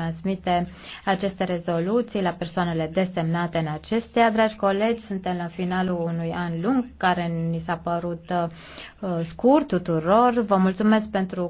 transmite aceste rezoluții la persoanele desemnate în acestea. Dragi colegi, suntem la finalul unui an lung care ni s-a părut uh, scurt tuturor. Vă mulțumesc pentru